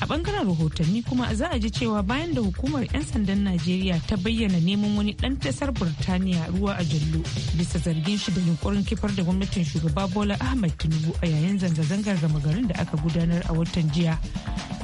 a bangaren rahotanni kuma za a ji cewa bayan da hukumar 'yan sandan najeriya ta bayyana neman wani ɗan tasar burtaniya ruwa a jallo bisa zargin shi da yunkurin kifar da gwamnatin shugaba bola ahmad tinubu a yayin zanga-zangar gama garin da aka gudanar a watan jiya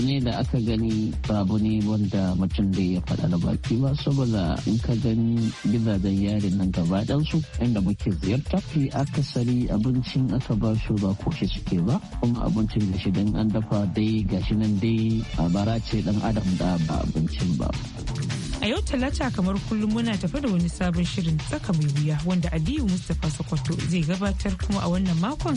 ne da aka gani babu ne wanda mutum da ya faɗa da baki ba saboda in ka gani gidajen yari nan gaba ɗansu inda muke ziyarta fi akasari abincin aka ba su ba koshi suke ba kuma abincin da shi an dafa dai gashi nan dai a bara ce dan adam da ba abincin ba a yau talata kamar kullum muna tafi da wani sabon shirin tsaka mai wuya wanda aliyu mustapha sokoto zai gabatar kuma a wannan makon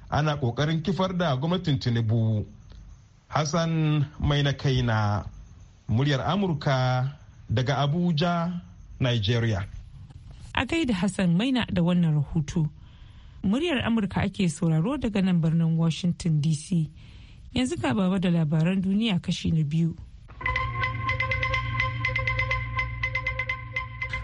ana kokarin kifar da gwamnatin tinubu hassan mai na kaina muryar amurka daga abuja nigeria a gaida hassan maina da wannan rahoto muryar amurka ake sauraro daga nan birnin washington dc yanzu ga baba da labaran duniya kashi na biyu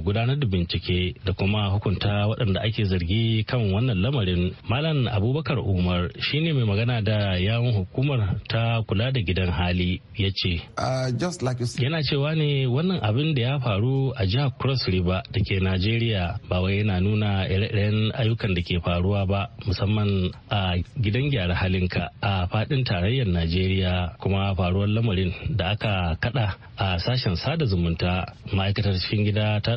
gudanar da bincike da kuma hukunta waɗanda ake zargi kan wannan lamarin malam abubakar umar shine mai magana da yawon hukumar ta kula da gidan hali ya ce uh, yana cewa ne wannan abin da ya faru a jihar cross river da ke najeriya ba wai yana nuna ire-iren ayyukan da ke faruwa ba musamman a gidan gyara halinka a fadin tarayyar najeriya kuma faruwar lamarin da aka kada a sashen sada zumunta ma'aikatar cikin gida ta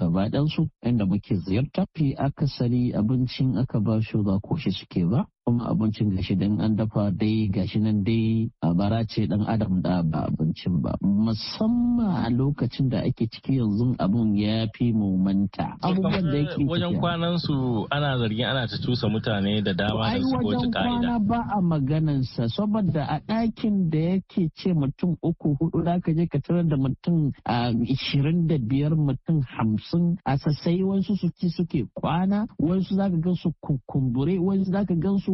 gaba ɗansu inda muke ziyarta fi akasari abincin aka ba shi ba ko shi suke ba kuma abincin gashi dan an dafa dai gashi nan dai a bara ce dan adam da ba abincin ba musamman a lokacin da ake ciki yanzu abun ya fi mumanta abubuwan da yake wajen kwanan su ana zargin ana ta cusa mutane da dama da su goji ka'ida ba a maganan sa saboda a dakin da yake ce mutum uku hudu da ka je ka tarar da mutum a ishirin da biyar mutum hamsin a sassai wasu suke suke kwana wasu zaka gan su kumbure wasu zaka gan su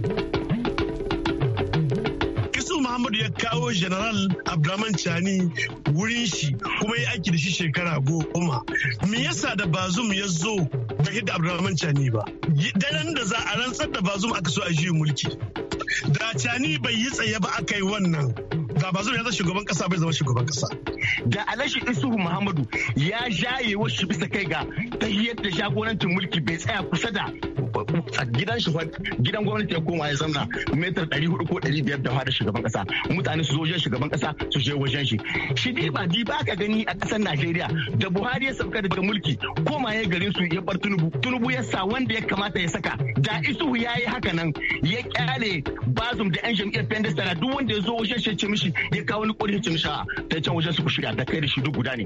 Muhammadu ya kawo General Abdulrahman Chani wurin shi kuma ya aiki da shi shekara goma. Me yasa da Bazum ya zo da hidda Abdulrahman Chani ba? Daren da za a rantsar da Bazum aka so a juyin mulki. Da Chani bai yi tsaye ba aka yi wannan. da ba ya zama shugaban kasa bai zama shugaban kasa. Da Alashi Isuhu Muhammadu ya jaye wasu bisa kai ga tahiyar da jagorancin mulki bai tsaya kusa da gidan shi gidan gwamnati ya koma ya zamna metar hudu ko biyar da fara shugaban kasa mutane su zo wajen shugaban kasa su je wajen shi shi dai ba di ba ka gani a kasar Najeriya da Buhari ya sauka daga mulki koma ya garin su ya bar Tunubu Tunubu ya sa wanda ya kamata ya saka da Isuhu ya yi haka nan ya kyale bazum da yan jam'iyyar Pendes tara duk wanda ya zo wajen shi ya ce mishi ya kawo ni kuri ya ce mishi a ta can wajen su ku shirya da kai da shi duk guda ne.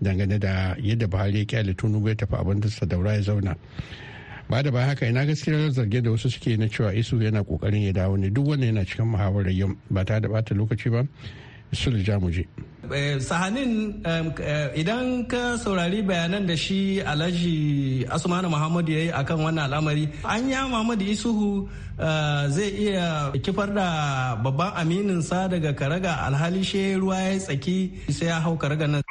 dangane da yadda buhari ya kyale tunubu ya tafi abin da daura ya zauna ba da ba haka ina gaskiyar zarge da wasu suke na cewa isu yana kokarin ya dawo ne duk wanda yana cikin muhawarar yau ba ta da bata lokaci ba sulhu jamuje eh, sahanin eh, idan ka saurari bayanan da shi alhaji asmanu muhammadu ya yi akan wannan al'amari an ya muhammadu isuhu eh, zai iya kifar da babban aminin sa daga karaga alhali shi ruwa ya tsaki sai ya hau karaga nan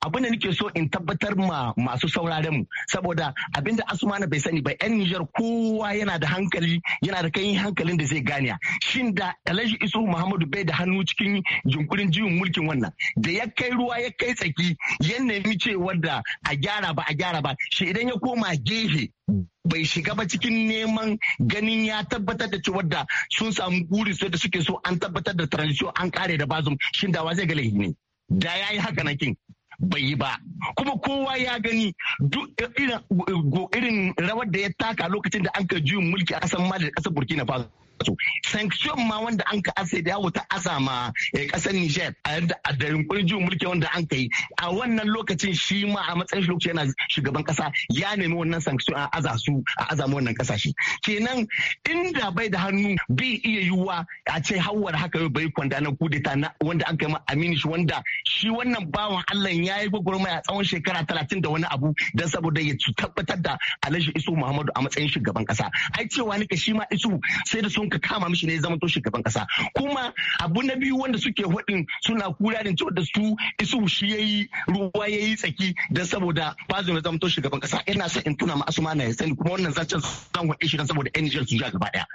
abin da nake so in tabbatar ma masu sauraren mu saboda abin da Asumana bai sani ba yan nijar kowa yana da hankali yana da kai hankalin da zai gane shin da alhaji isu muhammadu bai da hannu cikin jinkurin jiwon mulkin wannan da ya kai ruwa ya kai tsaki ya nemi cewa da a gyara ba a gyara ba shi idan ya koma gehe bai shiga ba cikin neman ganin ya tabbatar da cewa da sun samu guri sai da suke so an tabbatar da transition an kare da bazum shin da wa zai ga laifi ne da ya haka nakin kin bai yi ba kuma kowa ya gani duk irin rawar da ya taka lokacin da an ka juyin mulki a ƙasar mali da ƙasar burkina faso su sanction ma wanda an ka ase da yawo ta a eh, kasar Niger a yadda a da yunkurin mulki wanda an kai a wannan lokacin shi ma a matsayin shi lokacin yana shugaban kasa ya nemi wannan sanction a aza a azama wannan kasashe kenan inda bai da hannu bi iya yiwuwa a ce hawar haka yau bai kwanda na kudeta na wanda an kai ma Aminu shi wanda shi wannan bawan Allah ya yi gwagwarmaya a tsawon shekara talatin da wani abu don saboda ya tabbatar da Alhaji Isu Muhammadu a matsayin shugaban kasa ai cewa nika shi ma Isu sai da sun ka kama mishi ne zama to shugaban kasa kuma abu na biyu wanda suke hudin suna kula da cewa da su isu shi yayi ruwa yayi tsaki dan saboda bazin ya zama to shugaban kasa ina son in tuna ma asuma na sani kuma wannan zancen zan hudin shi dan saboda NGL su ja gaba daya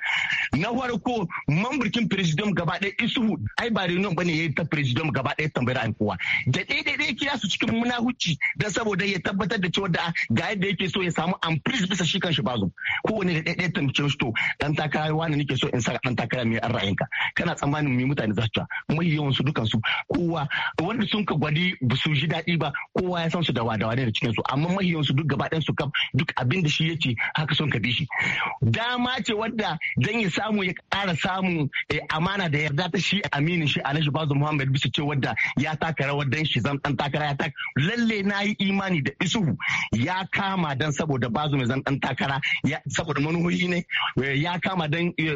na farko mamburkin president gaba daya isu ai ba reunion bane yayi ta president gaba daya tambayar an kowa da dai dai kira su cikin munahuci dan saboda ya tabbatar da cewa da ga yadda yake so ya samu amprise bisa shi shi bazo kowane da dai tambayar shi to dan takarawa ne nake so in sa an takara mai ra'ayin ka kana tsammanin mai mutane za su ta mai yawan su dukan kowa wanda sun ka gwadi ba su ji daɗi ba kowa ya san su da wadawa ne da cikinsu amma mai yawan su duk gaba ɗayan su kam duk abin da shi yace haka sun ka bi shi dama ce wadda dan ya samu ya ƙara samun eh, amana da yarda ta shi aminin shi Alhaji Bazu Muhammad bisa ce wadda ya taka rawar dan shi zan dan takara ya taka lalle na yi imani da isuhu ya kama dan saboda Bazu mai zan dan takara saboda manuhoyi ne eh, ya kama dan eh,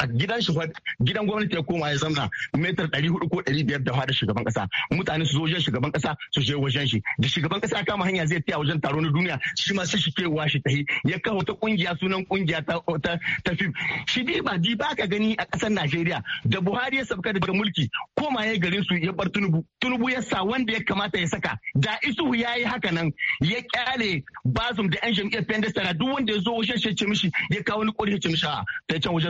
a gidan shi gidan gwamnati ya koma ya zamna metar 400 ko biyar da fada shugaban kasa mutane su zo wajen shugaban kasa su je wajen shi da shugaban kasa kama hanya zai taya wajen taro na duniya shi ma sai shi ke washi tahi ya kawo ta kungiya sunan kungiya ta ta ta fim shi dai ba di baka gani a kasar Najeriya da Buhari ya sabka da mulki koma ya garin su ya bar Tunubu Tunubu ya sa wanda ya kamata ya saka da isu ya yi haka nan ya kyale bazum da yan jam'iyyar Pendestara duk wanda ya zo wajen shi ya ya kawo ni kuri ya ce mishi a ta can wajen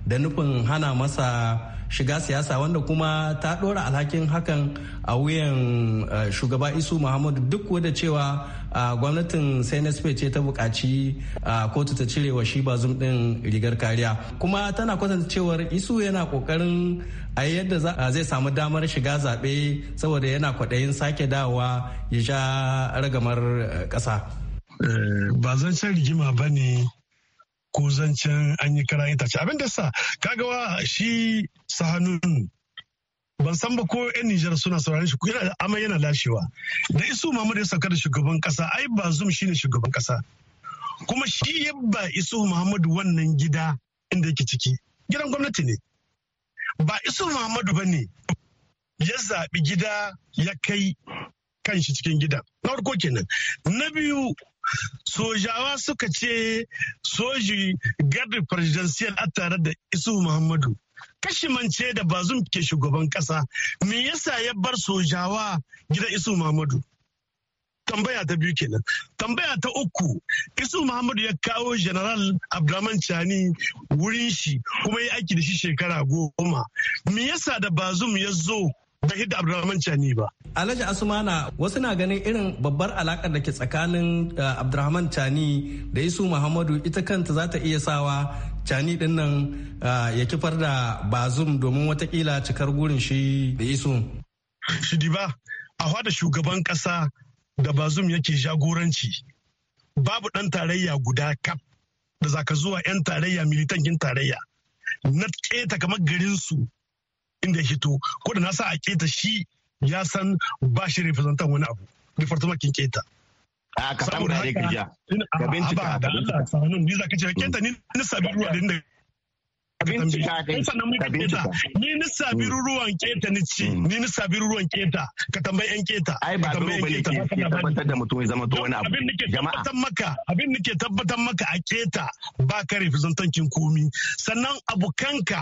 da nufin hana masa shiga siyasa wanda kuma ta ɗora alhakin hakan a wuyan eh, shugaba isu muhammadu duk da cewa ah, gwamnatin cnsp ce ta bukaci ah, kotu ta cire wa shi bazum ɗin rigar kariya kuma tana kwatanta cewar isu yana ƙoƙarin a yadda zai samu damar shiga zaɓe saboda yana kwaɗayin sake dawowa ya sha ragamar eh, ƙasa. Eh, ba zan rigima ba ne ko zancen an yi kara itace abin da sa kagawa shi sahanun ban san ba ko yan Nijar suna sauraron shi yana amma yana lashewa da isu mamu ya sauka da shugaban kasa ai ba zum shi ne shugaban kasa kuma shi ya ba isu Muhammadu wannan gida inda yake ciki gidan gwamnati ne ba isu Muhammadu ba ne ya zaɓi gida ya kai kan shi cikin gida na farko kenan na biyu sojawa suka ce soji gabi presidential a tare da isu muhammadu kashimance da bazum ke shugaban kasa me yasa ya bar sojawa gidan isu muhammadu tambaya ta biyu kenan tambaya ta uku isu muhammadu ya kawo general abdulrahman chani wurin shi kuma ya aiki da shi shekara goma me yasa da bazum ya zo ban hidda chani ba alhaji asumana wasu na ganin irin babbar alakar da ke tsakanin eh, abdurrahman chani da isu muhammadu ita kanta za ta iya sawa cani din nan eh, ya kifar da bazum domin watakila cikar gurin shi da isu shi ba, a hada shugaban kasa da bazum yake jagoranci babu dan tarayya guda kaf da zaka zuwa yan tarayya militankin tarayya na keta kamar garinsu inda ya to ko da na sa a keta shi ya san ba shi representan wani abu department kin keta a ah, ka samu da ne kirja ka ah, ah, bincika da Allah ni ce keta ni ni sabi ruwa da ni ni sabi hmm. ruwan keta ni ci hmm. ni ni sabi ruwan keta ka tambayi yan keta ai ba dole bane ke tabbatar da mutum ya zama to wani abu jama'a abin maka abin nake tabbatar maka a keta ba ka representan kin komi sannan kanka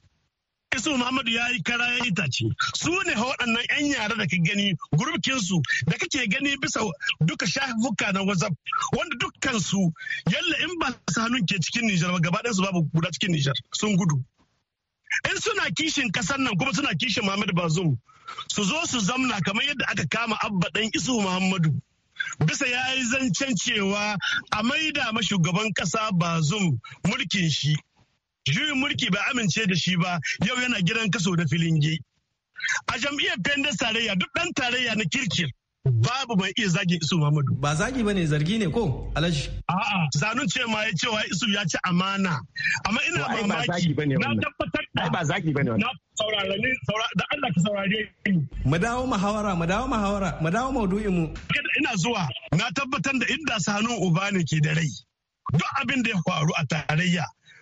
Isu Muhammadu ya yi kara ya yi tace su ne waɗannan 'yan yara da ka gani gurbikinsu da kake gani bisa duka shafuka na WhatsApp wanda dukkansu yalla in ba su hannun ke cikin Nijar ba gaba su babu guda cikin Nijar sun gudu. In suna kishin kasar nan kuma suna kishin Muhammadu Bazum su zo su zamna kamar yadda aka kama abba ɗan Isu Muhammadu. bisa ya yi zancen cewa a maida mashugaban ƙasa bazum mulkin shi juyin mulki bai amince da shi ba yau yana gidan kaso da gi. A jam'iyyar pendas tarayya duk ɗan tarayya na kirkir babu mai iya zagin isu Muhammadu. Ba zagi ba ne zargi ne ko alaji. A'a zanun ce ma ya cewa isu ya ci amana. Amma ina mamaki na tabbatar da. ba zagi ba ne wannan. Saurare da Allah ka saurare ni. Mu dawo muhawara mu dawo muhawara mu dawo maudu'in mu. Ina zuwa na tabbatar da inda sanu uba ne ke da rai. Duk abin da ya faru a tarayya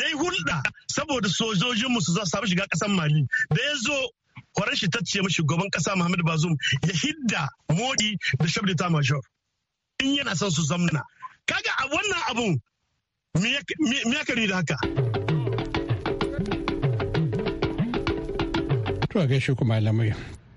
ya yi hulɗa saboda sojojinmu su za su samu shiga ƙasar mali da ya zo kwaran shi tacce mashi shugaban ƙasa muhammad bazum ya hidda modi da shabda ta major in yana son su zamna kaga a wannan abun me ya kari da haka to a gaishe kuma lamai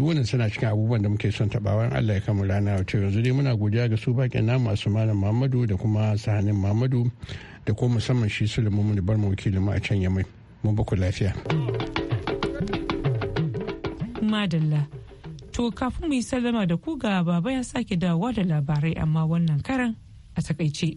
duk wannan suna cikin abubuwan da muke son tabawan Allah ya kama rana wato yanzu dai muna godiya ga su bakin na masu malam Muhammadu da kuma sahanin Muhammadu da kuma musamman shi Sulaiman mun bar mu wakilin mu a can Yamai mun baku lafiya madalla to kafin mu yi sallama da ku ga baba ya sake dawowa da labarai amma wannan karan a takaice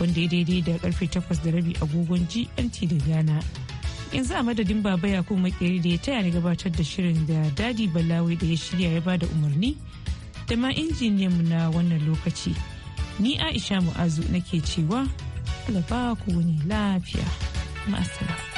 wanda ya daidai da karfe takwas da rabi agogon GMT da Ghana. Yanzu a madadin Baba kuma Makeri da ya taya ni gabatar da shirin da Dadi Balawi da ya shirya ya bada umarni da ma injiniyanmu na wannan lokaci. Ni Aisha Mu'azu nake cewa, alafaku ne lafiya. Ma'asala.